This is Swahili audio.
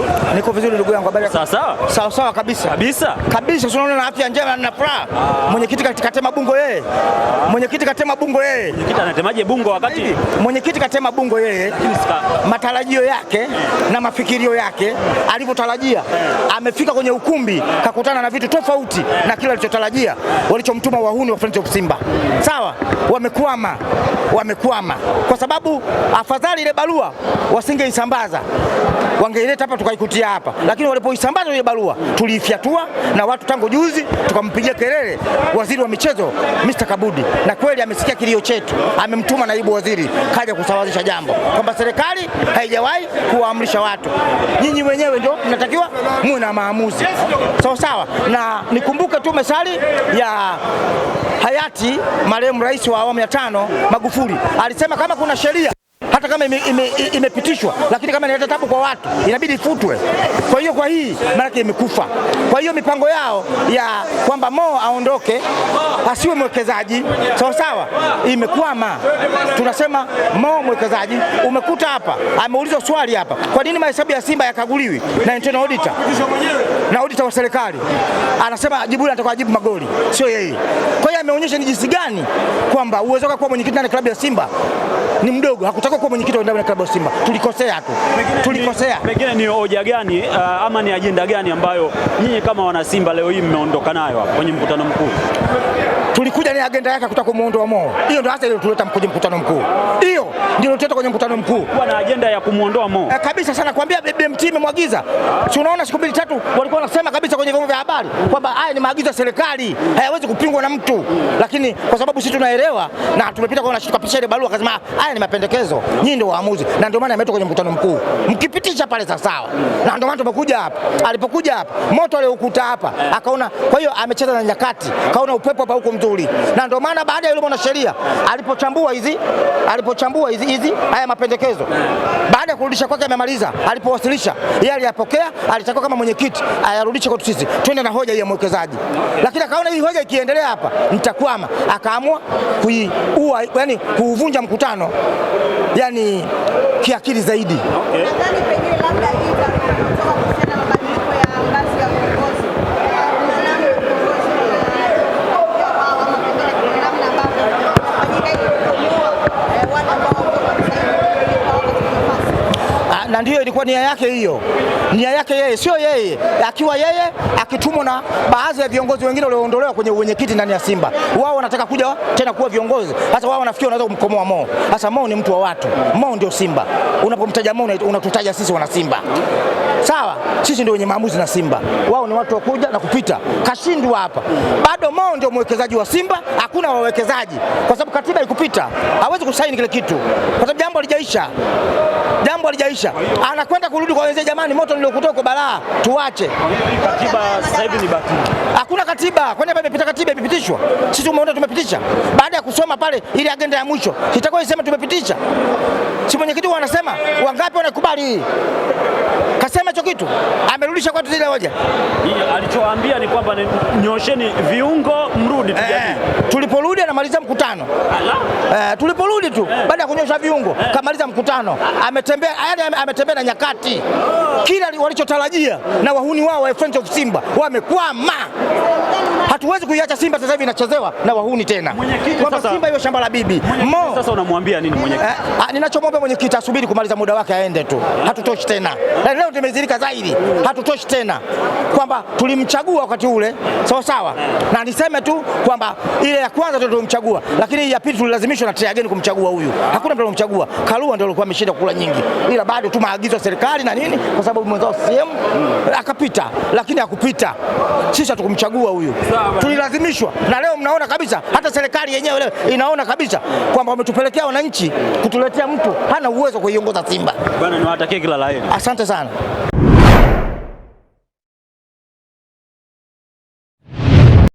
vizuri? Niko vizuri ndugu yangu, habari sawa sawa. Sawa sawa kabisa kabisa kabisa, tunaona na afya njema na furaha. Ah. Mwenyekiti katema bungo yeye, ah. mwenyekiti katema bungo yeye. Mwenyekiti anatemaje bungo wakati mwenyekiti katema bungo yeye? Matarajio yake na mafikirio yake alivyotarajia, eh. amefika kwenye ukumbi eh. kakutana na vitu tofauti eh. na kila alichotarajia, walichomtuma wahuni wa Friends of Simba. Sawa, wamekwama wamekwama, kwa sababu afadhali ile barua wasingeisambaza wangeileta hapa tukaikutia hapa, lakini walipoisambaza ile barua tuliifyatua na watu tangu juzi tukampigia kelele waziri wa michezo Mr. Kabudi, na kweli amesikia kilio chetu, amemtuma naibu waziri kaja kusawazisha jambo kwamba serikali haijawahi kuwaamrisha watu, nyinyi wenyewe ndio mnatakiwa muwe na maamuzi sawa sawa. Na nikumbuke tu mesali ya hayati marehemu rais wa awamu ya tano Magufuli alisema kama kuna sheria hata kama imepitishwa ime, ime lakini kama inaleta tabu kwa watu inabidi ifutwe. Kwa hiyo kwa hii maanake imekufa. Kwa hiyo mipango yao ya kwamba Mo aondoke asiwe mwekezaji sawasawa imekwama. Tunasema Mo mwekezaji. Umekuta hapa ameulizwa swali hapa, kwa nini mahesabu ya Simba yakaguliwi na internal auditor na auditor wa serikali? Anasema jibu anataka ajibu magoli, sio yeye. Kwa hiyo ameonyesha ni jinsi gani kwamba uwezo wake kuwa mwenyekiti ndani ya klabu ya Simba ni mdogo, hakutakiwa mwenyekiti wa klabu ya Simba, tulikosea tu, tulikosea. Pengine ni hoja gani uh, ama ni ajenda gani ambayo nyinyi kama wana Simba leo hii mmeondoka nayo hapa kwenye mkutano mkuu? tulikuja ni agenda yake kutaka kumuondoa Mo. Hiyo ndio hasa iliyotuleta kwenye mkutano mkuu, hiyo ndio iliyotuleta kwenye mkutano mkuu kwa na agenda ya kumuondoa Mo e, kabisa sana kuambia BMT imemwagiza. Si unaona siku mbili tatu walikuwa wanasema kabisa kwenye vyombo vya habari kwamba haya ni maagizo ya serikali, hayawezi kupingwa na mtu, lakini kwa sababu sisi tunaelewa na tumepita kwa nashika picha ile barua, akasema haya ni mapendekezo, nyinyi ndio waamuzi, na ndio maana ameletwa kwenye mkutano mkuu, mkipitisha pale sasa sawa. na ndio maana tumekuja hapa. Alipokuja hapa moto aliokuta hapa akaona, kwa hiyo amecheza na nyakati, kaona upepo hapa huko vizuri, na ndio maana baada ya yule mwanasheria alipochambua hizi alipochambua hizi hizi haya mapendekezo, baada ya kurudisha kwake amemaliza, alipowasilisha yeye aliyapokea, alitakiwa kama mwenyekiti ayarudishe kwetu sisi twende na hoja ya mwekezaji, lakini akaona hii hoja ikiendelea hapa nitakwama, akaamua kuiua, yani kuuvunja mkutano yani kiakili zaidi okay. na ndiyo ilikuwa nia yake hiyo, nia yake yeye, sio yeye akiwa yeye akitumwa na baadhi ya viongozi wengine walioondolewa kwenye uwenyekiti ndani ya Simba. Wao wanataka kuja tena kuwa viongozi, hasa wao wanafikia wanaweza kumkomoa Mo. Hasa Mo ni mtu wa watu, Mo ndio Simba. Unapomtaja Mo unatutaja sisi wana Simba, sawa? Sisi ndio wenye maamuzi na Simba, wao ni watu wa kuja na kupita. Kashindwa hapa, bado Mo ndio mwekezaji wa Simba, hakuna wawekezaji kwa sababu katiba ikupita, hawezi kusaini kile kitu kwa sababu jambo halijaisha, jambo halijaisha anakwenda kurudi kwa wenzake. jamani, moto niliokutoa uko balaa, tuache. Katiba sasa hivi ni batili, hakuna katiba. Kwani hapa imepita katiba, imepitishwa? Sisi tumeona tumepitisha, baada ya kusoma pale ile agenda ya mwisho itakuwa isema tumepitisha si mwenyekiti wanasema wangapi wanakubali hii? Kasema hicho kitu, amerudisha kwetu zile hoja. Alichoambia ni kwamba nyosheni viungo mrudi eh. Tuliporudi anamaliza mkutano eh, tuliporudi tu eh. Baada ya kunyosha viungo eh. Kamaliza mkutano, ametembea yani, ametembea na nyakati oh. Kila walichotarajia na wahuni wao wa French of Simba wamekwama. Hatuwezi kuiacha Simba sasa hivi inachezewa na wahuni tena, kwamba Simba hiyo shamba la bibi. Sasa unamwambia nini mwenyekiti? Eh, ah, ninachomwambia Kumbe mwenyekiti asubiri kumaliza muda wake aende tu, hatutoshi tena. Na leo tumezirika zaidi, hatutoshi tena, kwamba tulimchagua wakati ule sawa sawa, na niseme tu kwamba ile ya kwanza tu tulimchagua, lakini ya pili tulilazimishwa na TRA kumchagua huyu. Hakuna mtu alomchagua, Karua ndio alikuwa ameshinda kula nyingi, ila bado tu maagizo ya serikali na nini, kwa sababu mwenzao CM akapita, lakini hakupita. Sisi hatukumchagua huyu, tulilazimishwa. Na leo mnaona kabisa hata serikali yenyewe leo inaona kabisa kwamba wametupelekea wananchi kutuletea mtu hana uwezo kuiongoza Simba. Bwana, niwatakie kila la heri. Asante sana.